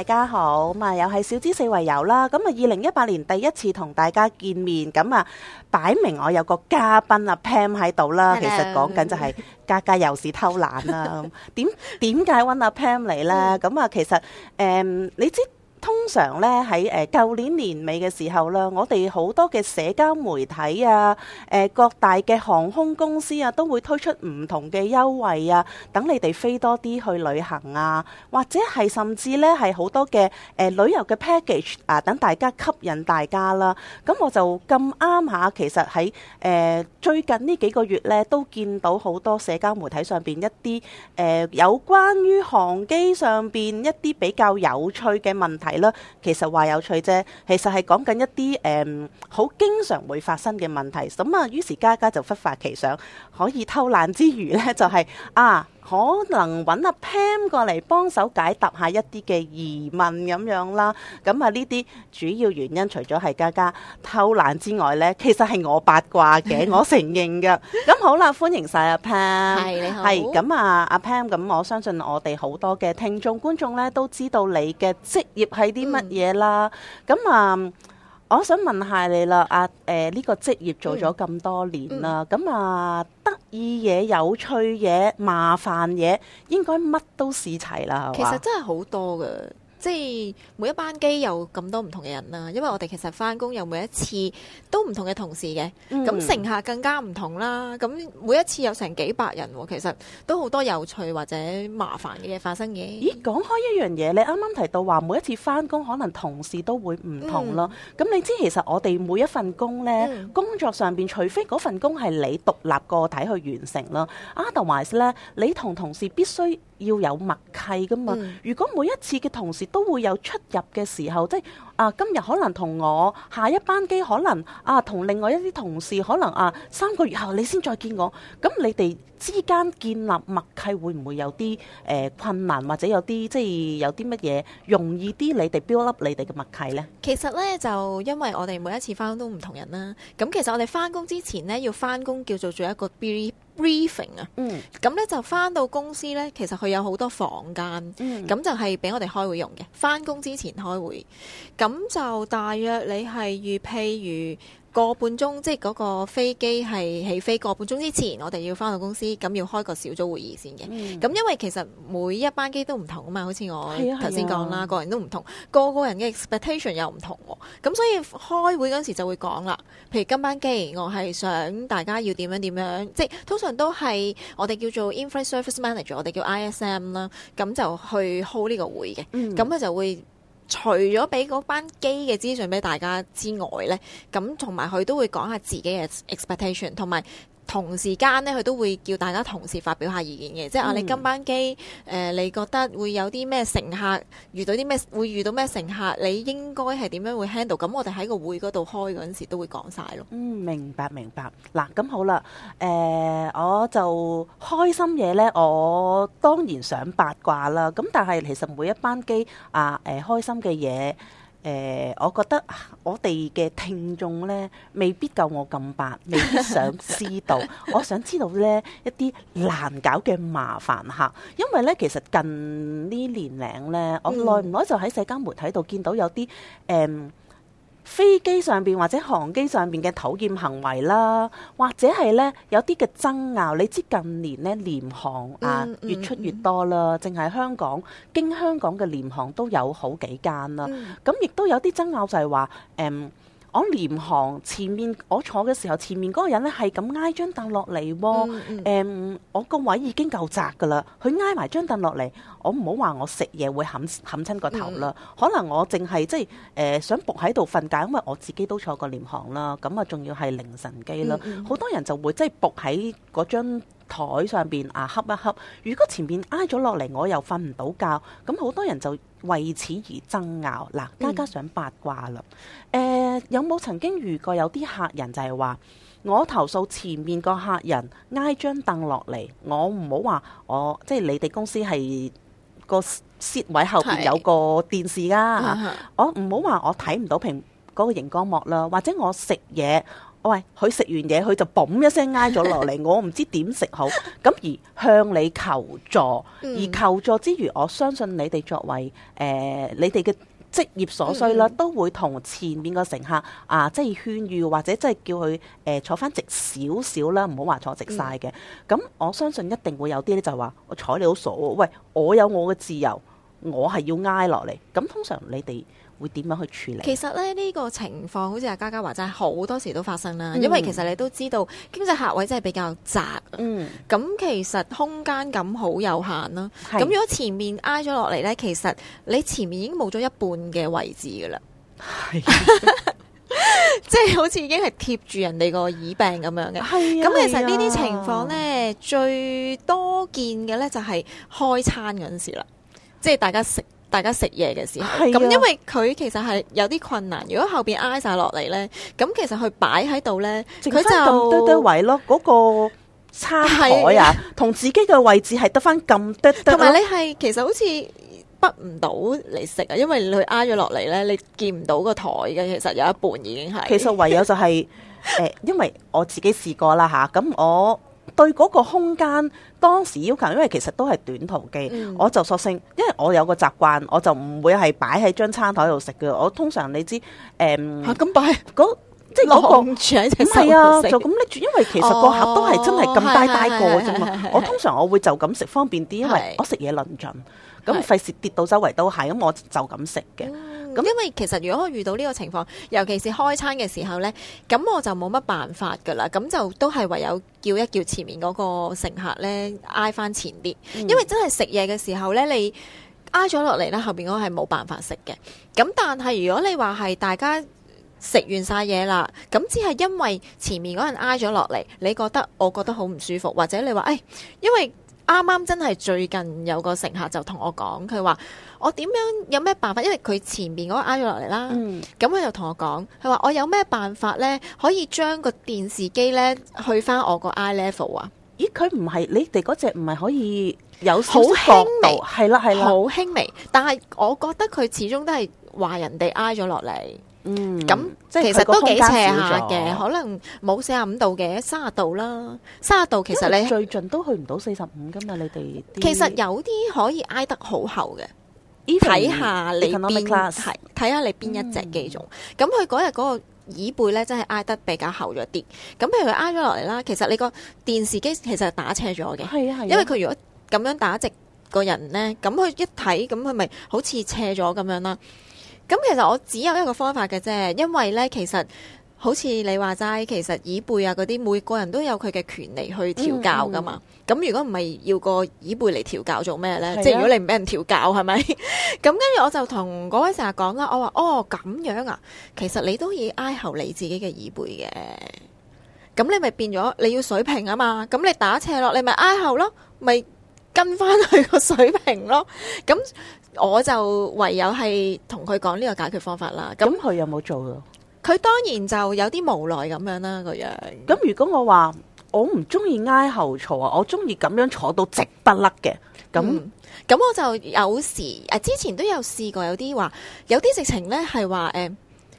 大家好，咁啊又係小資四圍遊啦，咁啊二零一八年第一次同大家見面，咁啊擺明我有個嘉賓啊，Pam 喺度啦，Hello. 其實講緊就係嘉嘉又偷懶啦，點點解揾阿 Pam 嚟呢？咁啊、嗯、其實誒、嗯，你知。通常咧喺誒舊年年尾嘅時候啦，我哋好多嘅社交媒體啊、誒各大嘅航空公司啊，都會推出唔同嘅優惠啊，等你哋飛多啲去旅行啊，或者係甚至咧係好多嘅誒旅遊嘅 package 啊，等大家吸引大家啦。咁我就咁啱下其實喺誒、呃、最近呢幾個月咧，都見到好多社交媒體上邊一啲誒、呃、有關於航機上邊一啲比較有趣嘅問題。係啦，其實話有趣啫，其實係講緊一啲誒好經常會發生嘅問題。咁啊，於是嘉嘉就忽發奇想，可以偷懶之餘呢，就係、是、啊。可能揾阿 Pam 過嚟幫手解答下一啲嘅疑問咁樣啦，咁啊呢啲主要原因除咗係嘉嘉偷懶之外呢，其實係我八卦嘅， 我承認嘅。咁好啦，歡迎晒阿 Pam，係你好咁啊，阿 Pam 咁，我相信我哋好多嘅聽眾觀眾呢，都知道你嘅職業係啲乜嘢啦，咁啊、嗯。我想問下你啦，阿誒呢個職業做咗咁多年啦，咁、嗯、啊得意嘢、有趣嘢、麻煩嘢，應該乜都試齊啦，其實真係好多㗎。即係每一班機有咁多唔同嘅人啦，因為我哋其實翻工又每一次都唔同嘅同事嘅，咁、嗯、乘客更加唔同啦。咁每一次有成幾百人、哦，其實都好多有趣或者麻煩嘅嘢發生嘅。咦？講開一樣嘢，你啱啱提到話每一次翻工可能同事都會唔同咯。咁、嗯、你知其實我哋每一份工呢，嗯、工作上邊除非嗰份工係你獨立個體去完成啦、嗯、otherwise 呢，你同同事必須。要有默契噶嘛？如果每一次嘅同事都會有出入嘅時候，嗯、即係啊，今日可能同我下一班機可能啊，同另外一啲同事可能啊，三個月後你先再見我，咁你哋之間建立默契會唔會有啲誒、呃、困難，或者有啲即係有啲乜嘢容易啲？你哋 build up 你哋嘅默契呢？其實呢，就因為我哋每一次翻工都唔同人啦。咁其實我哋翻工之前呢，要翻工叫做做一個 build Briefing 啊，咁咧就翻到公司咧，其實佢有好多房間，咁、嗯、就係俾我哋開會用嘅。翻工之前開會，咁就大約你係預譬如個半鐘即係嗰個飛機係起飛個半鐘之前，我哋要翻到公司，咁要開個小組會議先嘅。咁、嗯、因為其實每一班機都唔同啊嘛，好似我頭先講啦，啊、個人都唔同，個個人嘅 expectation 又唔同、啊，咁所以開會嗰陣時就會講啦。譬如今班機，我係想大家要點樣點樣，即係通常都係我哋叫做 Inflight Service Manager，我哋叫 ISM 啦，咁就去 hold 呢個會嘅，咁佢、嗯、就會。除咗俾嗰班機嘅資訊俾大家之外呢，咁同埋佢都會講下自己嘅 expectation，同埋。同時間咧，佢都會叫大家同事發表下意見嘅，即係、嗯、啊，你今班機誒、呃，你覺得會有啲咩乘客遇到啲咩，會遇到咩乘客，你應該係點樣會 handle？咁我哋喺個會嗰度開嗰陣時都會講晒咯。嗯，明白明白。嗱，咁好啦，誒、呃，我就開心嘢咧，我當然想八卦啦。咁但係其實每一班機啊，誒、呃，開心嘅嘢。誒、呃，我覺得我哋嘅聽眾咧，未必夠我咁白，未必想知道。 我想知道呢一啲難搞嘅麻煩客，因為呢，其實近呢年齡呢，嗯、我耐唔耐就喺社交媒體度見到有啲誒、呃飛機上邊或者航機上邊嘅討厭行為啦，或者係呢有啲嘅爭拗，你知近年呢廉航啊、嗯嗯、越出越多啦，淨係香港經香港嘅廉航都有好幾間啦，咁亦、嗯、都有啲爭拗就係話誒。嗯我廉航前面我坐嘅時候，前面嗰個人咧係咁挨張凳落嚟喎。誒，我個位已經夠窄㗎啦，佢挨埋張凳落嚟，我唔好話我食嘢會冚冚親個頭啦。嗯、可能我淨係即係誒想伏喺度瞓覺，因為我自己都坐過廉航啦，咁啊仲要係凌晨機啦，好、嗯嗯、多人就會即係伏喺嗰張。台上邊啊，恰一恰。如果前面挨咗落嚟，我又瞓唔到覺，咁好多人就為此而爭拗。嗱，嘉嘉上八卦啦。誒、嗯欸，有冇曾經遇過有啲客人就係話我投訴前面個客人挨張凳落嚟，我唔好話我，即係你哋公司係個 seat 位後邊有個電視啦、啊。是我唔好話我睇唔到屏嗰個熒光幕啦，或者我食嘢。喂，佢食完嘢佢就嘣一聲挨咗落嚟，我唔知點食好。咁 而向你求助，而求助之餘，我相信你哋作為誒、呃、你哋嘅職業所需啦，嗯、都會同前面個乘客啊，即係勸喻或者即係叫佢誒坐翻直少少啦，唔好話坐直晒嘅。咁、嗯、我相信一定會有啲咧，就係話我睬你好傻喎。喂，我有我嘅自由，我係要挨落嚟。咁通常你哋。會點樣去處理？其實咧呢、這個情況，好似阿嘉嘉話齋，好多時都發生啦。嗯、因為其實你都知道，經濟客位真係比較窄。嗯，咁其實空間感好有限啦。咁是如果前面挨咗落嚟呢，其實你前面已經冇咗一半嘅位置噶啦。係、啊，即係 好似已經係貼住人哋個椅柄咁樣嘅。係咁、啊、其實呢啲情況呢、啊、最多見嘅呢就係、是、開餐嗰陣時啦，即、就、係、是、大家食。大家食嘢嘅時候，咁、啊、因為佢其實係有啲困難。如果後邊挨晒落嚟呢，咁其實佢擺喺度呢，佢就咁堆堆位咯。嗰、嗰個餐台啊，同、啊、自己嘅位置係得翻咁多多。同埋你係其實好似筆唔到嚟食啊，因為你去挨咗落嚟呢，你見唔到個台嘅。其實有一半已經係。其實唯有就係、係、誒， 因為我自己試過啦嚇，咁我對嗰個空間。當時要求，因為其實都係短途機，嗯、我就索性，因為我有個習慣，我就唔會係擺喺張餐台度食嘅。我通常你知，誒咁擺即即、那、攞個住喺手度食、啊，啊、就咁拎住。因為其實個盒都係真係咁大大個啫嘛。哦、係係係係，我通常我會就咁食方便啲，因為我食嘢論盡，咁費事跌到周圍都係，咁我就咁食嘅。咁因為其實如果我遇到呢個情況，尤其是開餐嘅時候呢，咁我就冇乜辦法㗎喇，咁就都係唯有叫一叫前面嗰個乘客呢挨翻前啲，因為真係食嘢嘅時候呢，你挨咗落嚟呢，後邊嗰係冇辦法食嘅。咁但係如果你話係大家食完晒嘢啦，咁只係因為前面嗰人挨咗落嚟，你覺得我覺得好唔舒服，或者你話誒、哎，因為。啱啱真係最近有個乘客就同我講，佢話我點樣有咩辦法？因為佢前面嗰個挨咗落嚟啦，咁佢、嗯、就同我講，佢話我有咩辦法呢？可以將個電視機呢去翻我個 eye level 啊？咦，佢唔係你哋嗰隻唔係可以有好輕微，係啦係啦，好輕微。但係我覺得佢始終都係話人哋挨咗落嚟。嗯，咁即係其實都幾斜下嘅，可能冇四十五度嘅，三十度啦，三十度其實你最近都去唔到四十五噶嘛，你哋其實有啲可以挨得好厚嘅，睇下 Even 你邊係睇下你邊一隻機種，咁佢嗰日嗰個椅背咧真係挨得比較厚咗啲，咁譬如佢挨咗落嚟啦，其實你個電視機其實打斜咗嘅，係啊係，因為佢如果咁樣打直個人咧，咁佢一睇咁佢咪好似斜咗咁樣啦。咁其實我只有一個方法嘅啫，因為咧，其實好似你話齋，其實椅背啊嗰啲每個人都有佢嘅權利去調教噶嘛。咁、嗯嗯、如果唔係要個椅背嚟調教做咩咧？嗯、即係如果你唔俾人調教，係咪、嗯？咁跟住我就同嗰位成日講啦。我話：哦，咁樣啊，其實你都以挨後你自己嘅椅背嘅。咁你咪變咗你要水平啊嘛。咁你打斜落，你咪挨後咯，咪跟翻佢個水平咯。咁。我就唯有係同佢講呢個解決方法啦。咁佢有冇做？佢當然就有啲無奈咁樣啦個樣。咁如果我話我唔中意挨後坐啊，我中意咁樣坐到直不甩嘅。咁咁、嗯、我就有時誒、啊，之前都有試過有啲話，有啲直情咧係話誒，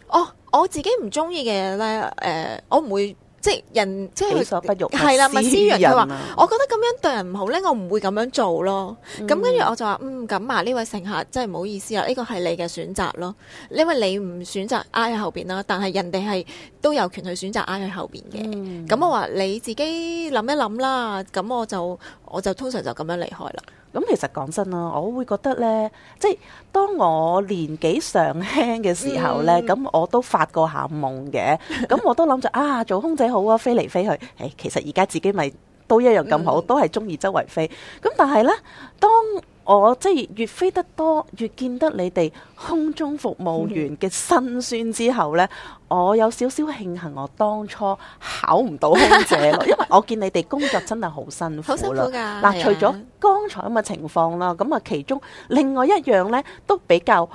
哦我自己唔中意嘅嘢咧誒，我唔會。即係人，即係己所不欲，係啦，勿施於人。佢話：我覺得咁樣對人唔好咧，我唔會咁樣做咯。咁跟住我就話：嗯，咁啊，呢位乘客真係唔好意思啦，呢個係你嘅選擇咯。因為你唔選擇挨喺後邊啦，但係人哋係都有權去選擇挨喺後邊嘅。咁我話你自己諗一諗啦。咁我就我就，我就通常就咁樣離開啦。咁其實講真咯，我會覺得呢，即係當我年紀尚輕嘅時候呢，咁、嗯、我都發過下夢嘅，咁 我都諗著啊，做空姐好啊，飛嚟飛去。誒，其實而家自己咪都一樣咁好，都係中意周圍飛。咁但係呢，當我即係越飛得多，越見得你哋空中服務員嘅辛酸之後呢，嗯、我有少少慶幸我當初考唔到空姐咯， 因為我見你哋工作真係好辛苦啦。嗱、 啊，除咗剛才咁嘅情況啦，咁啊，其中另外一樣呢，都比較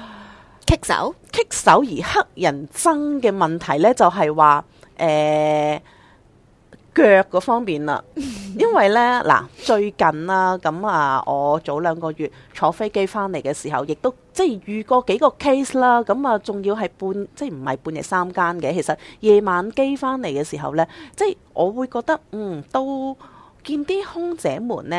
棘手棘手而黑人憎嘅問題呢，就係話誒。呃腳嗰方面啦，因為咧嗱最近啦，咁啊我早兩個月坐飛機翻嚟嘅時候，亦都即係遇過幾個 case 啦，咁啊仲要係半即係唔係半夜三更嘅，其實夜晚機翻嚟嘅時候咧，即係我會覺得嗯，都見啲空姐們咧誒、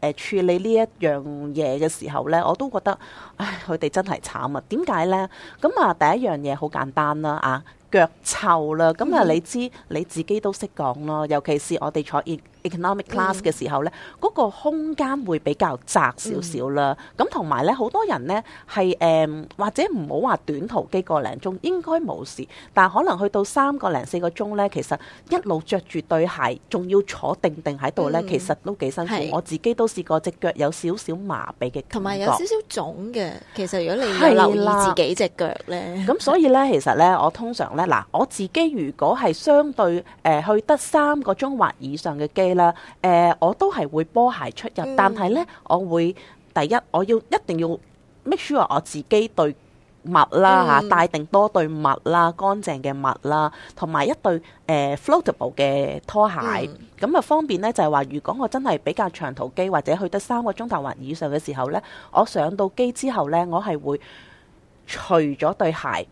呃、處理呢一樣嘢嘅時候咧，我都覺得唉，佢哋真係慘啊！點解咧？咁啊第一樣嘢好簡單啦啊！啊腳臭啦，咁啊你知、嗯、你自己都識講咯，尤其是我哋坐熱。Economic class 嘅時候呢，嗰、嗯、個空間會比較窄少少啦。咁同埋呢，好多人呢係誒、呃，或者唔好話短途機個零鐘應該冇事，但可能去到三個零四個鐘呢，其實一路着住對鞋，仲要坐定定喺度呢，嗯、其實都幾辛苦。嗯、我自己都試過隻腳有少少麻痹嘅感覺，同埋有少少腫嘅。其實如果你留意自己隻腳呢，咁所以呢，其實呢，我通常呢，嗱，我自己如果係相對誒、呃、去得三個鐘或以上嘅機。啦，誒、呃，我都係會波鞋出入，但係咧，嗯、我會第一，我要一定要 make sure 我自己對襪啦嚇，嗯、帶定多對襪啦，乾淨嘅襪啦，同埋一對誒、呃、floatable 嘅拖鞋，咁啊、嗯、方便咧，就係、是、話，如果我真係比較長途機或者去得三個鐘頭或以上嘅時候咧，我上到機之後咧，我係會除咗對鞋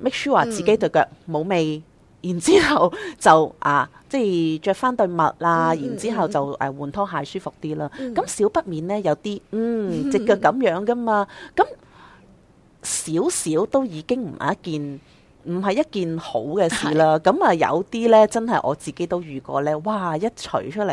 ，make sure 自己對腳冇味。然之後就啊，即係着翻對襪啦，嗯、然之後就誒換拖鞋舒服啲啦。咁少、嗯、不免咧有啲隻腳咁樣噶嘛，咁少少都已經唔係一件唔係一件好嘅事啦，咁啊的有啲咧真係我自己都遇過咧，哇一取出嚟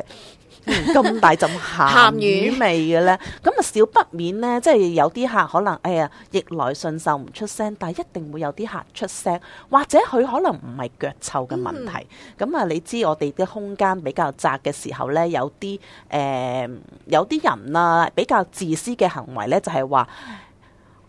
咁、嗯、大陣鹹魚味嘅咧，咁啊 少不免咧，即係有啲客可能哎呀逆來順受唔出聲，但係一定會有啲客出聲，或者佢可能唔係腳臭嘅問題，咁、嗯、啊你知我哋啲空間比較窄嘅時候咧，有啲誒、呃、有啲人啦、啊、比較自私嘅行為咧，就係、是、話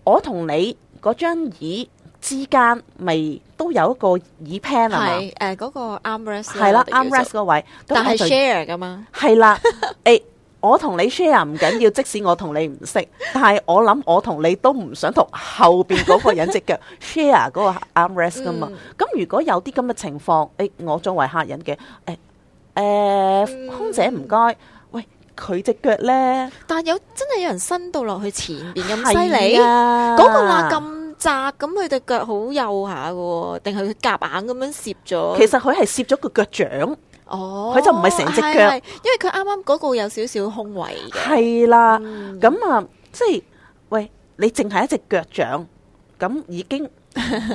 我同你嗰張椅。之間咪都有一個耳 pan 係嘛？誒嗰個 armrest 係啦，armrest 嗰位，但係 share 㗎嘛？係啦，誒我同你 share 唔緊要，即使我同你唔識，但係我諗我同你都唔想同後邊嗰個人隻腳 share 嗰個 armrest 㗎嘛。咁如果有啲咁嘅情況，誒我作為客人嘅，誒誒空姐唔該，喂佢隻腳咧？但有真係有人伸到落去前邊咁犀利？嗰個拉咁。窄咁佢隻腳好幼下嘅，定係佢夾硬咁樣攝咗？其實佢係攝咗個腳掌，哦，佢就唔係成隻腳，因為佢啱啱嗰個有少少空位。係啦的，咁、嗯、啊，即係喂，你淨係一隻腳掌，咁已經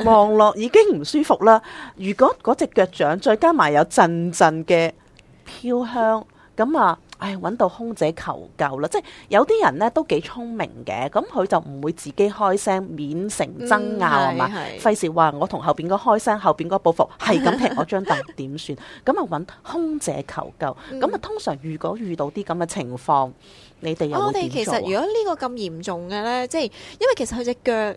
望落已經唔舒服啦。 如果嗰隻腳掌再加埋有陣陣嘅飄香，咁啊～唉，揾到空姐求救啦！即係有啲人咧都幾聰明嘅，咁佢就唔會自己開聲免成爭拗係嘛！費事話我同後邊嗰開聲，後邊嗰報復係咁踢我張凳點算？咁啊揾空姐求救。咁啊、嗯，通常如果遇到啲咁嘅情況，你哋有、啊、我哋其實如果呢個咁嚴重嘅咧，即係因為其實佢隻腳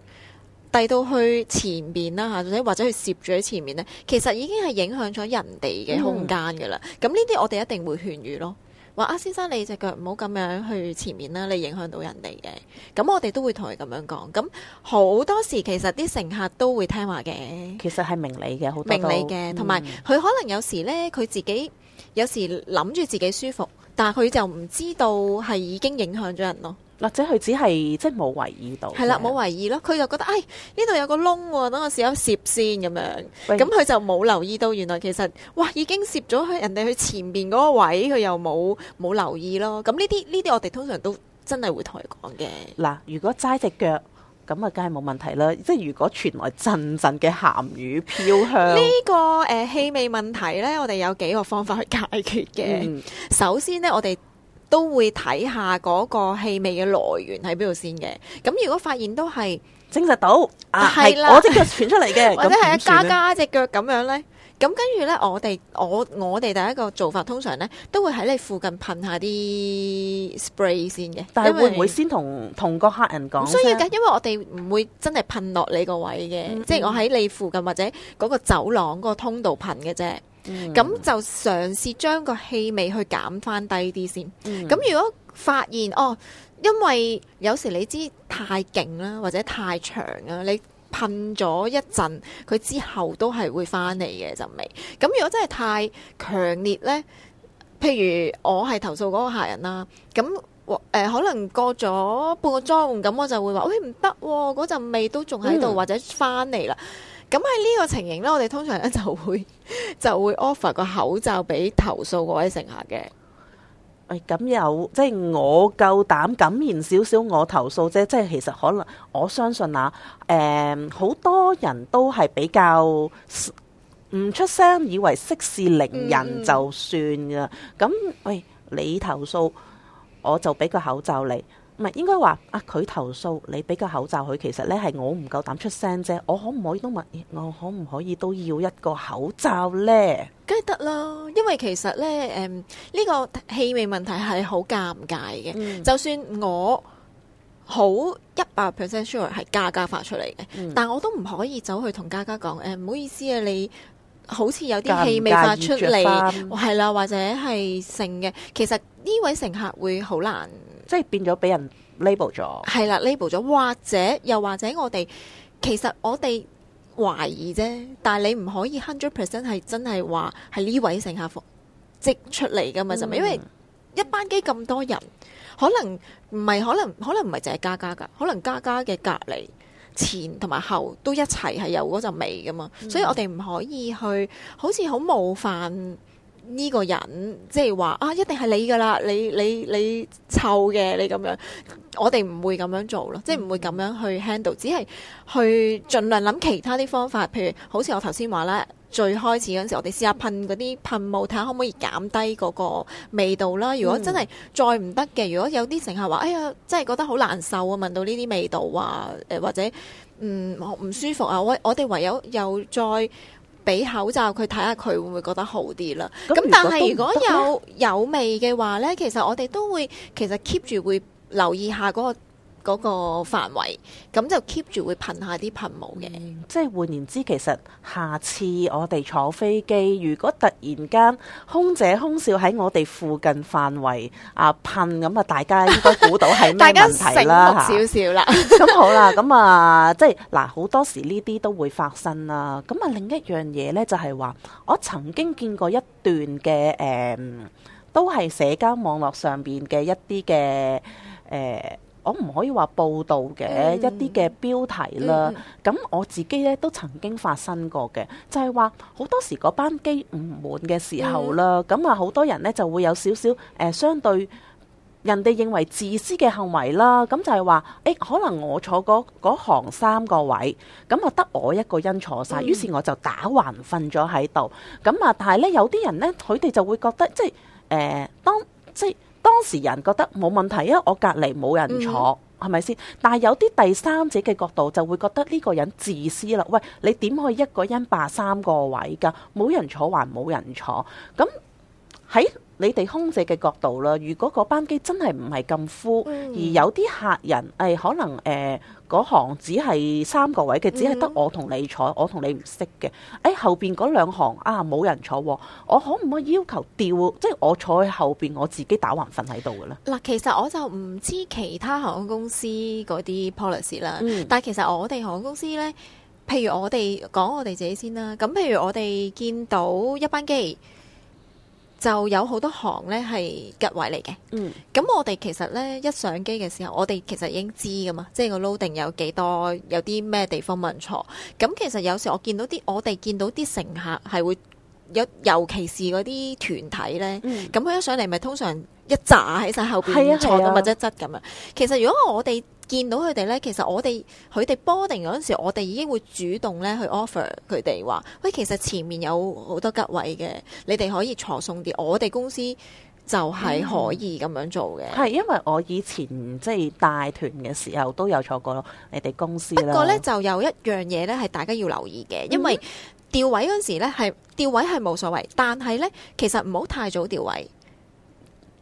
遞到去前面啦或者佢攝住喺前面咧，其實已經係影響咗人哋嘅空間噶啦。咁呢啲我哋一定會勸喻咯。話啊，先生，你隻腳唔好咁樣去前面啦，你影響到人哋嘅。咁我哋都會同佢咁樣講。咁好多時其實啲乘客都會聽話嘅。其實係明理嘅，好多明理嘅，同埋佢可能有時呢，佢自己有時諗住自己舒服，但係佢就唔知道係已經影響咗人咯。或者佢只係即係冇留意到，係啦了，冇留嗎意咯。佢就覺得，哎，呢度有個窿喎，啊，等我試下攝先咁樣。咁佢喂就冇留意到，原來其實，哇，已經攝咗去人哋去前面嗰個位，佢又冇冇留意咯。咁呢啲呢啲，我哋通常都真係會同佢講嘅。嗱，如果齋隻腳，咁啊，梗係冇問題啦。即係如果傳來陣陣嘅鹹魚飄香，呢、這個誒、呃、氣味問題呢，我哋有幾個方法去解決嘅。嗯、首先呢，我哋。都會睇下嗰個氣味嘅來源喺邊度先嘅。咁如果發現都係證實到，啊係了我隻腳傳出嚟嘅， 或者係嘉嘉隻腳咁樣咧。咁跟住咧，我哋我我哋第一個做法通常咧，都會喺你附近噴一下啲 spray 先嘅。但係會唔會先同同個客人講？唔需要㗎，因為我哋唔會真係噴落你個位嘅，嗯、即係我喺你附近或者嗰個走廊嗰個通道噴嘅啫。咁、嗯、就嘗試將個氣味去減翻低啲先。咁、嗯、如果發現哦，因為有時你知太勁啦，或者太長啊，你噴咗一陣，佢之後都係會翻嚟嘅陣味。咁如果真係太強烈呢，譬如我係投訴嗰個客人啦，咁誒、呃、可能過咗半個鐘，咁我就會話：喂、哎，唔得喎，嗰陣味都仲喺度，嗯、或者翻嚟啦。咁喺呢個情形呢，我哋通常咧就會就會 offer 個口罩俾投訴嗰位乘客嘅。喂、哎，咁有即係我夠膽敢，敢言少少，我投訴啫。即係其實可能我相信啊，誒、嗯、好多人都係比較唔出聲，以為息事寧人就算㗎。咁、嗯，喂、哎，你投訴，我就俾個口罩你。唔係，應該話啊！佢投訴你俾個口罩佢，其實咧，係我唔夠膽出聲啫。我可唔可以都問？欸、我可唔可以都要一個口罩咧？梗係得啦，因為其實咧，誒、嗯、呢、這個氣味問題係好尷尬嘅。嗯、就算我好一百 percent sure 係嘉嘉發出嚟嘅，嗯、但我都唔可以走去同嘉嘉講誒，唔、嗯、好意思啊，你好似有啲氣味發出嚟，係啦，或者係剩嘅。其實呢位乘客會好難。即係變咗俾人 label 咗，係啦，label 咗，或者又或者我哋其實我哋懷疑啫，但係你唔可以 hundred percent 係真係話係呢位乘客服即出嚟噶嘛？就咪？因為一班機咁多人，可能唔係可能可能唔係淨係嘉嘉㗎，可能嘉嘉嘅隔離前同埋後都一齊係有嗰陣味噶嘛，嗯、所以我哋唔可以去好似好冒犯。呢個人即係話啊，一定係你㗎喇，你你你，你臭嘅，你咁樣，我哋唔會咁樣做咯，嗯、即係唔會咁樣去 handle，只係去盡量諗其他啲方法，譬如好似我頭先話啦，最開始嗰陣時，我哋試下噴嗰啲噴霧，睇下可唔可以減低嗰個味道啦。如果真係再唔得嘅，如果有啲乘客話，哎呀，真係覺得好難受啊，聞到呢啲味道啊，誒、呃、或者嗯唔舒服啊，我我哋唯有又再。俾口罩佢睇下，佢會唔會覺得好啲啦？咁但係如，如果有有味嘅話呢，其實我哋都會其實 keep 住會留意下嗰個。嗰個範圍，咁就 keep 住會噴下啲噴霧嘅。即係換言之，其實下次我哋坐飛機，如果突然間空姐空少喺我哋附近範圍啊噴，咁啊大家應該估到係咩問題啦？少少 啦。咁 好啦，咁啊，即係嗱，好多時呢啲都會發生啦。咁啊，另一樣嘢呢，就係、係、話，我曾經見過一段嘅誒、嗯，都係社交網絡上邊嘅一啲嘅誒。嗯我唔可以話報道嘅、嗯、一啲嘅標題啦，咁、嗯、我自己咧都曾經發生過嘅，就係話好多時嗰班機唔滿嘅時候啦，咁啊好多人呢就會有少少誒相對人哋認為自私嘅行為啦，咁就係話誒可能我坐嗰行三個位，咁啊得我一個人坐晒，於、嗯、是我就打橫瞓咗喺度，咁啊但係呢，有啲人呢，佢哋就會覺得即係誒、呃、當即係。即即即即當事人覺得冇問題，因為我隔離冇人坐，係咪先？但係有啲第三者嘅角度就會覺得呢個人自私啦。喂，你點可以一個人霸三個位㗎？冇人坐還冇人坐，咁喺。你哋空姐嘅角度啦，如果個班機真係唔係咁 full 而有啲客人誒可能誒嗰、呃、行只係三個位嘅，只係得我同你坐，嗯、哼我同你唔識嘅，誒、哎、後邊嗰兩行啊冇人坐，我可唔可以要求調，即、就、係、是、我坐喺後邊我自己打橫瞓喺度嘅咧。嗱，其實我就唔知其他航空公司嗰啲 policy 啦，嗯、但係其實我哋航空公司咧，譬如我哋講我哋自己先啦，咁譬如我哋見到一班機。就有好多行咧係吉位嚟嘅，咁、嗯、我哋其實咧一上機嘅時候，我哋其實已經知噶嘛，即係個 loading 有幾多，有啲咩地方問錯。咁其實有時我見到啲，我哋見到啲乘客係會有，尤其是嗰啲團體咧，咁佢、嗯、一上嚟咪通常一紮喺晒後邊，坐到密質質咁啊。啊其實如果我哋見到佢哋呢，其實我哋佢哋 boarding 嗰陣時，我哋已經會主動呢去 offer 佢哋話，喂，其實前面有好多吉位嘅，你哋可以坐鬆啲，我哋公司就係可以咁樣做嘅。係、嗯、因為我以前即係帶團嘅時候都有坐過咯，你哋公司。不過呢，就有一樣嘢呢係大家要留意嘅，因為調位嗰陣時呢係調位係冇所謂，但係呢，其實唔好太早調位。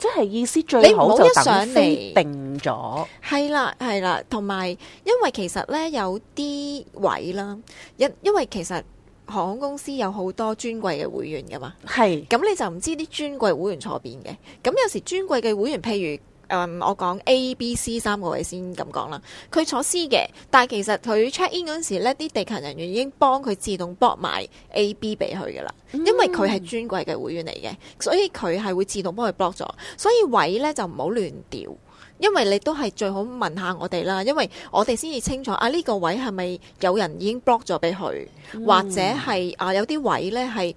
即係意思最好一上嚟，定咗，係啦係啦，同埋因為其實咧有啲位啦，一因為其實航空公司有好多尊貴嘅會員噶嘛，係，咁你就唔知啲尊貴會員坐邊嘅，咁有時尊貴嘅會員譬如。誒，um, 我講 A、B、C 三個位先咁講啦。佢坐 C 嘅，但係其實佢 check in 嗰陣時咧，啲地勤人員已經幫佢自動 block 埋 A、B 俾佢噶啦。因為佢係尊貴嘅會員嚟嘅，所以佢係會自動幫佢 block 咗。所以位咧就唔好亂調，因為你都係最好問下我哋啦，因為我哋先至清楚啊。呢個位係咪有人已經 block 咗俾佢，或者係啊有啲位咧係？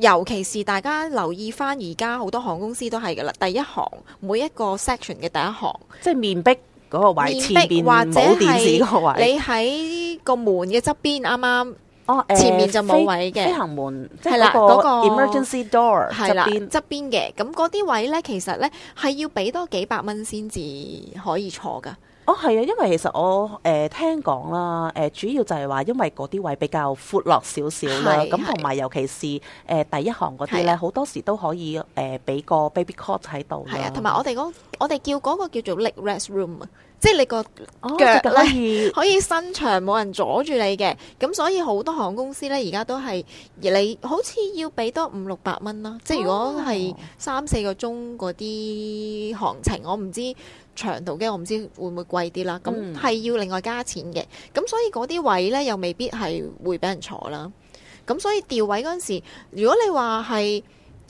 尤其是大家留意返而家好多航空公司都係噶啦，第一行每一個 section 嘅第一行，即係面壁嗰個位，面壁前面或者電視個位，你喺個門嘅側邊啱啱哦，啱啱前面就冇位嘅、哦欸，飛行門係、嗰個、啦，嗰、嗰個 emergency door 係啦側邊嘅，咁嗰啲位咧其實咧係要俾多幾百蚊先至可以坐噶。哦，係啊，因為其實我誒、呃、聽講啦，誒、呃、主要就係話因為嗰啲位比較闊落少少啦，咁同埋尤其是誒、呃、第一行嗰啲咧，好多時都可以誒俾、呃、個 baby cot 喺度啦。係啊，同埋我哋嗰、嗰個、我哋叫嗰個叫做 lick restroom 啊。即係你個腳咧、哦、可以伸長，冇人阻住你嘅，咁所以好多航空公司呢，而家都係，而你好似要俾多五六百蚊啦。即係如果係三四個鐘嗰啲行程，哦、我唔知長途嘅我唔知會唔會貴啲啦。咁係要另外加錢嘅，咁所以嗰啲位呢，又未必係會俾人坐啦。咁所以調位嗰陣時，如果你話係。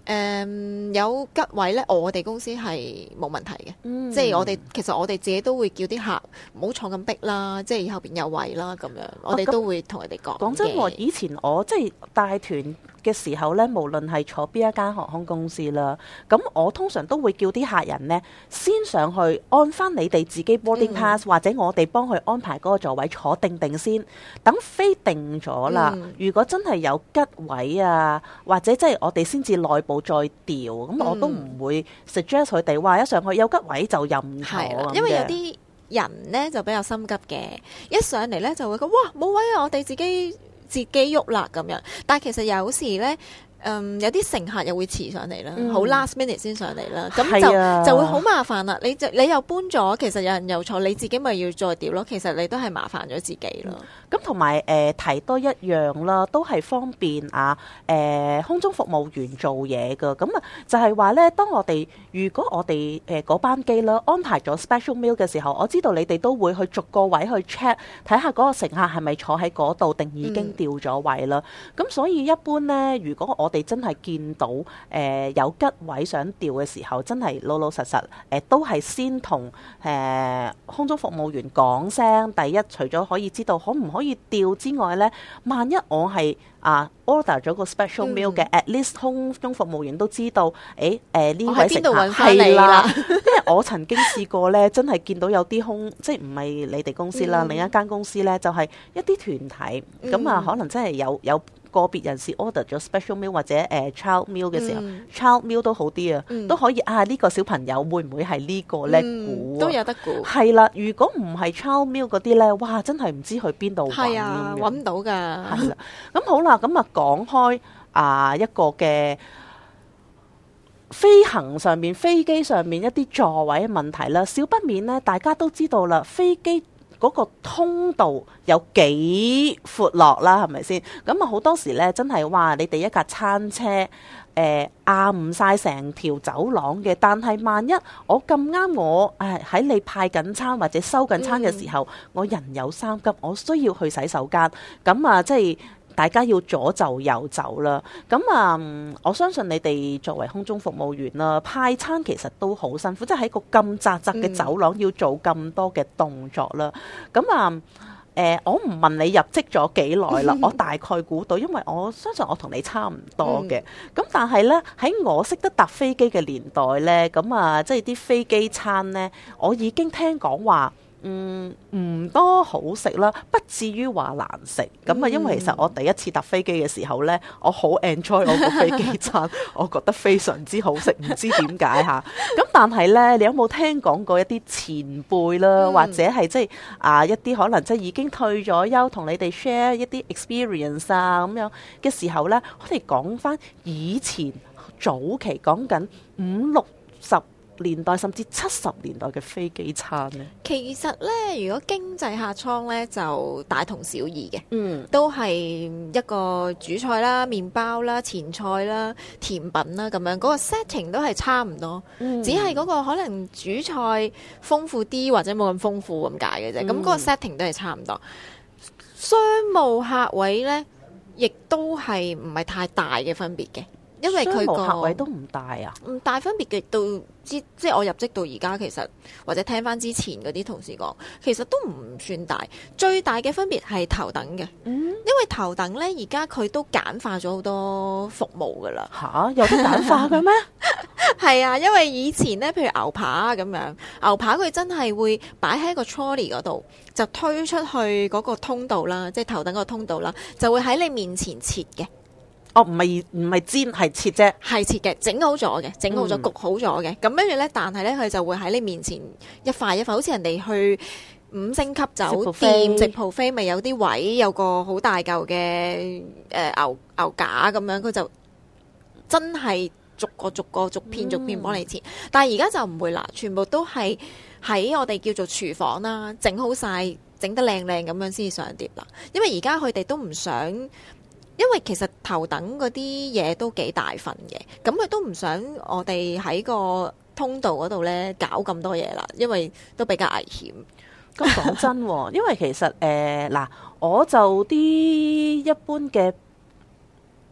誒、um, 有吉位咧，我哋公司係冇問題嘅，嗯、即係我哋其實我哋自己都會叫啲客唔好坐咁逼啦，即係後邊有位啦咁樣，我哋都會同人哋講。講真話，以前我即係帶團嘅時候呢，無論係坐邊一間航空公司啦，咁我通常都會叫啲客人呢先上去按翻你哋自己 boarding pass，嗯、或者我哋幫佢安排嗰個座位坐定定先。等飛定咗啦，嗯、如果真係有吉位啊，或者即係我哋先至內部再調，咁我都唔會 suggest 佢哋話一上去有吉位就任。係，因為有啲人呢就比較心急嘅，一上嚟呢就會講哇冇位啊，我哋自己。自己郁啦咁樣，但係其實有時呢。嗯，有啲乘客又會遲上嚟啦，好 last minute 先上嚟啦，咁就、啊、就會好麻煩啦。你就你又搬咗，其實有人又坐，你自己咪要再調咯。其實你都係麻煩咗自己咯。咁同埋誒提多一樣啦，都係方便啊！誒、呃、空中服務員做嘢㗎。咁、嗯、啊，就係話咧，當我哋如果我哋誒嗰班機咧安排咗 special meal 嘅時候，我知道你哋都會去逐個位去 check 睇下嗰個乘客係咪坐喺嗰度，定已經調咗位啦。咁、嗯、所以一般咧，如果我我哋真係見到誒、呃、有吉位想調嘅時候，真係老老實實誒、呃、都係先同誒、呃、空中服務員講聲，第一，除咗可以知道可唔可以調之外咧，萬一我係啊 order 咗個 special meal 嘅、嗯、，at least 空中服務員都知道。誒誒呢位食客係啦， 因為我曾經試過咧，真係見到有啲空，即係唔係你哋公司啦，嗯嗯、另一間公司咧，就係、是、一啲團體，咁啊，可能真係有有。嗯嗯個別人士 order 咗 special meal 或者誒、uh, child meal 嘅時候、嗯、，child meal 都好啲啊，都可以啊。呢個小朋友會唔會係呢個叻？估都有得估。係啦，如果唔係 child meal 嗰啲咧，哇，真係唔知去邊度揾。係啊，揾到㗎。係啦，咁好啦，咁啊講開啊一個嘅飛行上面，飛機上面一啲座位嘅問題啦，少不免咧，大家都知道啦，飛機。嗰個通道有幾闊落啦，係咪先？咁啊好多時呢，真係哇！你哋一架餐車誒壓唔曬成條走廊嘅，但係萬一我咁啱我誒喺你派緊餐或者收緊餐嘅時候，嗯、我人有三急，我需要去洗手間，咁啊即係。大家要左就右走啦，咁啊，嗯，我相信你哋作為空中服務員啦，派餐其實都好辛苦，即係喺個咁窄窄嘅走廊，嗯、要做咁多嘅動作啦。咁啊，誒、嗯、呃，我唔問你入職咗幾耐啦，我大概估到，因為我相信我同你差唔多嘅。咁、嗯、但係咧，喺我識得搭飛機嘅年代咧，咁啊，即係啲飛機餐咧，我已經聽講話。嗯，唔多好食啦，不至於話難食。咁啊，因為其實我第一次搭飛機嘅時候咧，我好 enjoy 我部飛機餐， 我覺得非常之好食，唔知點解吓。咁、 啊、但係咧，你有冇聽講過一啲前輩啦， 或者係即係啊一啲可能即係已經退咗休，同你哋 share 一啲 experience 啊咁樣嘅時候咧，我哋講翻以前早期講緊五六十。年代甚至七十年代嘅飛機餐呢，其實呢，如果經濟客艙呢，就大同小異嘅，嗯，都係一個主菜啦、麵包啦、前菜啦、甜品啦咁樣，嗰個 setting 都係差唔多，嗯，只係嗰個可能主菜豐富啲或者冇咁豐富咁解嘅啫，咁嗰、嗯、個 setting 都係差唔多。商務客位呢，亦都係唔係太大嘅分別嘅。因為佢個客位都唔大啊，唔大分別嘅到之即係我入職到而家，其實或者聽翻之前嗰啲同事講，其實都唔算大。最大嘅分別係頭等嘅，嗯、因為頭等呢，而家佢都簡化咗好多服務噶啦。嚇，有啲簡化嘅咩？係 啊，因為以前呢，譬如牛扒咁樣，牛扒佢真係會擺喺個 trolley 嗰度，就推出去嗰個通道啦，即、就、係、是、頭等嗰個通道啦，就會喺你面前切嘅。哦，唔係唔係煎係切啫，係切嘅，整好咗嘅，整好咗，焗好咗嘅。咁跟住呢，但係呢，佢就會喺你面前一塊一塊，好似人哋去五星級酒店直鋪飛，咪有啲位有個好大嚿嘅誒牛牛架咁樣，佢就真係逐、逐個逐個逐片逐片幫你切。嗯，但係而家就唔會啦，全部都係喺我哋叫做廚房啦，整好晒，整得靚靚咁樣先上碟啦。因為而家佢哋都唔想。因為其實頭等嗰啲嘢都幾大份嘅，咁佢都唔想我哋喺個通道嗰度呢，搞咁多嘢啦，因為都比較危險。咁 講真，因為其實誒嗱、呃，我就啲一般嘅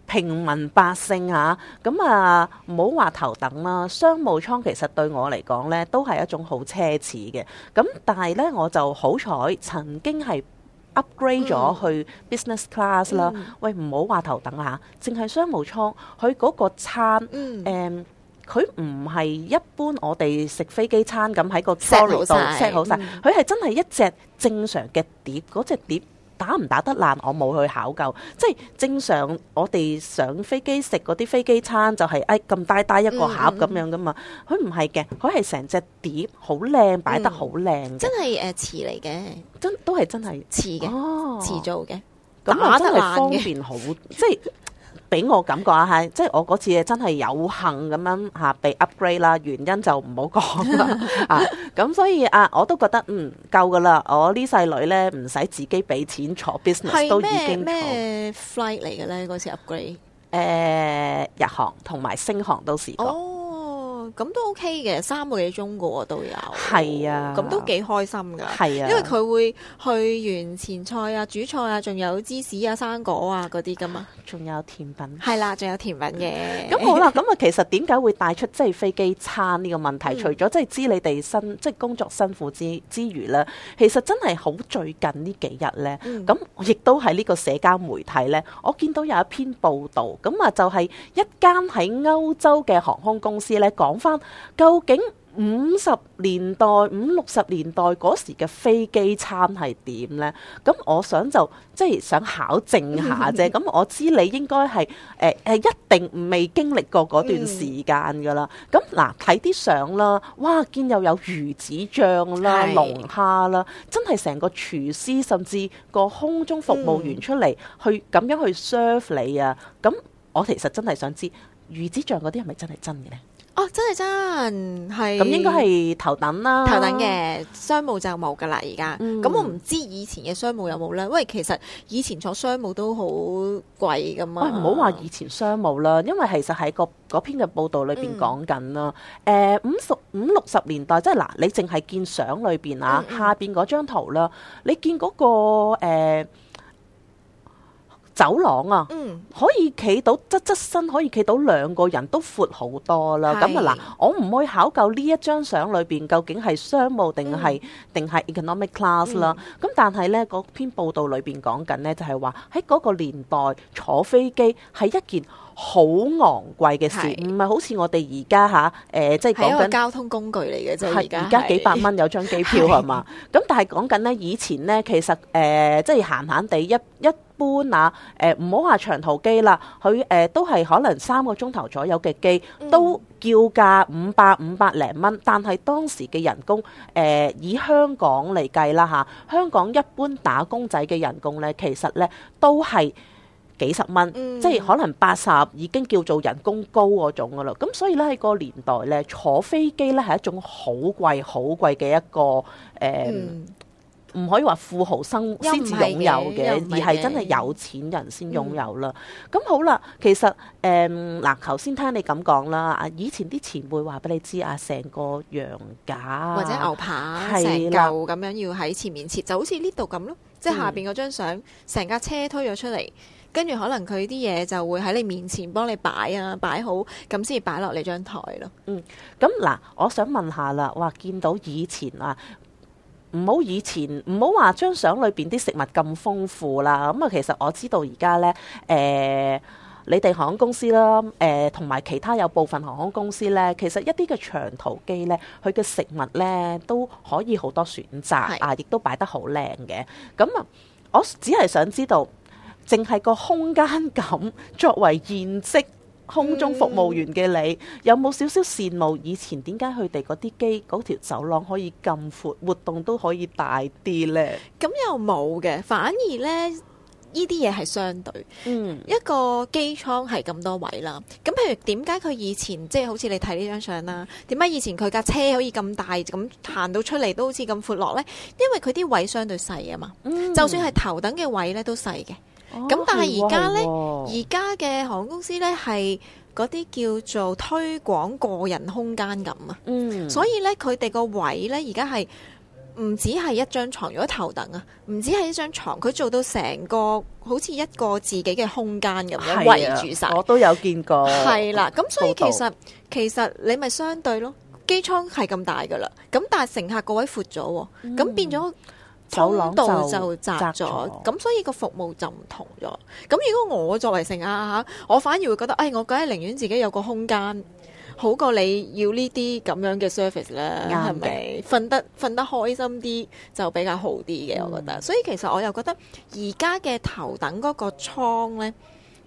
平民百姓啊，咁啊唔好話頭等啦，商務艙其實對我嚟講呢都係一種好奢侈嘅。咁但係呢，我就好彩曾經係。upgrade 咗、嗯、去 business class 啦，嗯、喂唔好話頭等吓，淨係商務艙，佢嗰個餐，誒佢唔係一般我哋食飛機餐咁喺個車裏度 check 好晒，佢係真係一隻正常嘅碟，嗰隻、嗯、碟。打唔打得爛，我冇去考究。即係正常，我哋上飛機食嗰啲飛機餐就係誒咁大大一個盒咁、嗯、樣噶嘛。佢唔係嘅，佢係成隻碟，好靚，擺得好靚、嗯。真係誒瓷嚟嘅，呃、真都係真係瓷嘅，瓷嘅、哦、瓷做嘅。打得爛嘅，方便好，即係。俾我感覺啊，係即係我嗰次真係有幸咁樣嚇被 upgrade 啦，原因就唔好講啦啊！咁所以啊，我都覺得嗯夠㗎啦，我呢細女呢，唔使自己俾錢坐 business 都已經。係咩 flight 嚟嘅呢？嗰次 upgrade？誒、呃，日航同埋星航都試過。Oh. 咁都 OK 嘅，三個幾鐘嘅都有，係啊，咁都幾開心噶，係啊，因為佢會去完前菜啊、主菜啊，仲有芝士啊、生果啊嗰啲噶嘛，仲有甜品，係啦、啊，仲有甜品嘅。咁、嗯、好啦，咁啊，其實點解會帶出即係飛機餐呢個問題？ 除咗即係知你哋辛，即係工作辛苦之之餘咧，嗯、其實真係好最近呢幾日呢，咁亦都喺呢個社交媒體呢，我見到有一篇報道，咁啊就係、是、一間喺歐洲嘅航空公司呢。講翻。究竟五十年代五六十年代嗰時嘅飛機餐係點咧？咁我想就即係想考證下啫。咁我知你應該係誒誒，一定未經歷過嗰段時間噶啦。咁嗱，睇啲相啦，哇，見又有魚子醬啦、龍蝦啦，真係成個廚師甚至個空中服務員出嚟去咁樣去 serve 你啊！咁我其實真係想知魚子醬嗰啲係咪真係真嘅咧？哦，真係真係，咁應該係頭等啦，頭等嘅商務就冇噶啦，而家咁我唔知以前嘅商務有冇咧？喂，其實以前坐商務都好貴噶嘛。唔好話以前商務啦，因為其實喺個篇嘅報道裏邊講緊啦。誒、嗯呃、五十五六十年代，即係嗱、呃，你淨係見相裏邊啊，嗯嗯下邊嗰張圖啦，你見嗰、嗰個、呃走廊啊，嗯、可以企到側側身，可以企到兩個人都闊好多啦。咁啊嗱，我唔可以考究呢一張相裏邊究竟係商務定係定係、嗯、economic class 啦。咁、嗯、但係呢，嗰篇報道裏邊講緊呢，就係話喺嗰個年代坐飛機係一件好昂貴嘅事，唔係好似我哋而家嚇，誒即係講緊交通工具嚟嘅即係。而家幾百蚊有張機票係嘛？咁但係講緊呢，以前呢，其實誒、呃、即係閒閒地一一般啊，誒唔好話長途機啦，佢誒、呃、都係可能三個鐘頭左右嘅機，都叫價五百五百零蚊。但係當時嘅人工誒、呃、以香港嚟計啦嚇，香港一般打工仔嘅人工呢，其實呢都係。幾十蚊，嗯、即係可能八十已經叫做人工高嗰種噶啦。咁所以咧，喺個年代咧，坐飛機咧係一種好貴、好貴嘅一個誒，唔、嗯嗯、可以話富豪生先至擁有嘅，而係真係有錢人先擁有啦。咁、嗯、好啦，其實誒嗱，頭、嗯、先聽你咁講啦，啊，以前啲前輩話俾你知啊，成個羊架或者牛扒，成嚿咁樣要喺前面切，的就好似呢度咁咯，即係下邊嗰張相，成架車推咗出嚟。跟住可能佢啲嘢就會喺你面前幫你擺啊，擺好咁先至擺落你張台咯。嗯，咁嗱，我想問下啦，哇，見到以前啊，唔好以前，唔好話張相裏邊啲食物咁豐富啦。咁啊，其實我知道而家呢，誒，你哋航空公司啦，誒，同埋其他有部分航空公司呢，其實一啲嘅長途機呢，佢嘅食物呢都可以好多選擇啊，亦是都擺得好靚嘅。咁啊，我只係想知道。淨係個空間感作為現職空中服務員嘅你，嗯、有冇少少羨慕以前點解佢哋嗰啲機嗰條走廊可以咁闊，活動都可以大啲呢？咁又冇嘅，嗯、反而呢呢啲嘢係相對，一個機艙係咁多位啦。咁譬如點解佢以前即係好似你睇呢張相啦、啊？點解以前佢架車可以咁大，咁行到出嚟都好似咁闊落呢？因為佢啲位相對細啊嘛。嗯、就算係頭等嘅位呢都細嘅。嗯咁、喔啊啊、但係而家呢，而家嘅航空公司呢，係嗰啲叫做推廣個人空間咁啊。嗯，所以呢，佢哋個位呢，而家係唔止係一張床，如果頭等啊，唔止係一張床，佢做到成個好似一個自己嘅空間咁樣圍住晒。我都有見過。係啦，咁所以其實其實你咪相對咯，機艙係咁大噶啦，咁但係乘客個位闊咗，咁變咗。走道就窄咗，咁所以個服務就唔同咗。咁如果我作為乘客吓，我反而會覺得，誒、哎，我梗係寧願自己有個空間，好過你要呢啲咁樣嘅 service 啦，係咪的？瞓得瞓得開心啲就比較好啲嘅，我覺得。嗯、所以其實我又覺得，而家嘅頭等嗰個艙咧。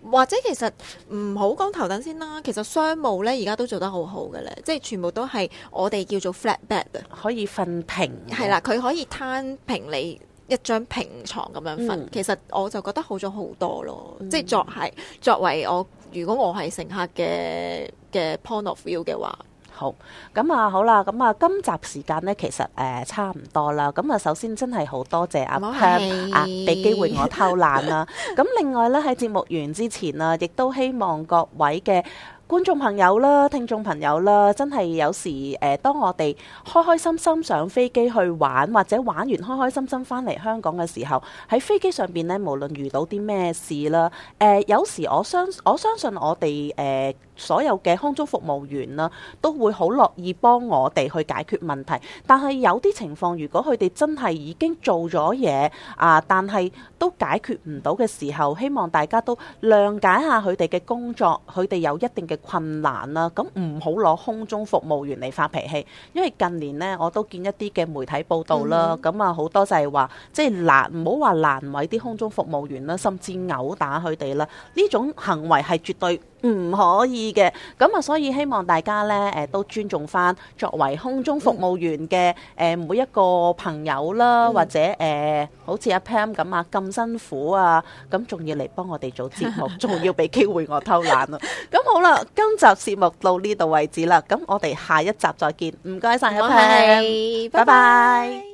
或者其實唔好講頭等先啦，其實商務咧而家都做得好好嘅咧，即係全部都係我哋叫做 flat bed，可以瞓平。係啦，佢可以攤平你一張平床咁樣瞓。嗯、其實我就覺得好咗好多咯，嗯、即係作係作為我如果我係乘客嘅嘅 point of view 嘅話。好，咁啊，好啦，咁啊，今集時間呢，其實誒、呃，差唔多啦。咁啊，首先真係好多謝阿 Pam 啊，俾機、啊、會我偷懶啦、啊。咁 另外呢，喺節目完之前啊，亦都希望各位嘅觀眾朋友啦、聽眾朋友啦，真係有時誒、呃，當我哋開開心心上飛機去玩，或者玩完開開心心翻嚟香港嘅時候，喺飛機上邊呢，無論遇到啲咩事啦，誒、呃，有時我相我相信我哋誒。呃所有嘅空中服務員啦、啊，都會好樂意幫我哋去解決問題。但係有啲情況，如果佢哋真係已經做咗嘢啊，但係都解決唔到嘅時候，希望大家都諒解下佢哋嘅工作，佢哋有一定嘅困難啦、啊。咁唔好攞空中服務員嚟發脾氣，因為近年呢，我都見一啲嘅媒體報道啦。咁啊，mm-hmm，好多就係話，即係難唔好話難為啲空中服務員啦，甚至毆打佢哋啦。呢種行為係絕對唔可以嘅，咁啊，所以希望大家呢，誒、呃、都尊重翻作為空中服務員嘅誒、呃、每一個朋友啦，嗯、或者誒、呃，好似阿 Pam 咁啊，咁辛苦啊，咁仲要嚟幫我哋做節目，仲 要俾機會我偷懶啊！咁 好啦，今集節目到呢度為止啦，咁我哋下一集再見，唔該晒。阿 Pam，拜拜。Bye bye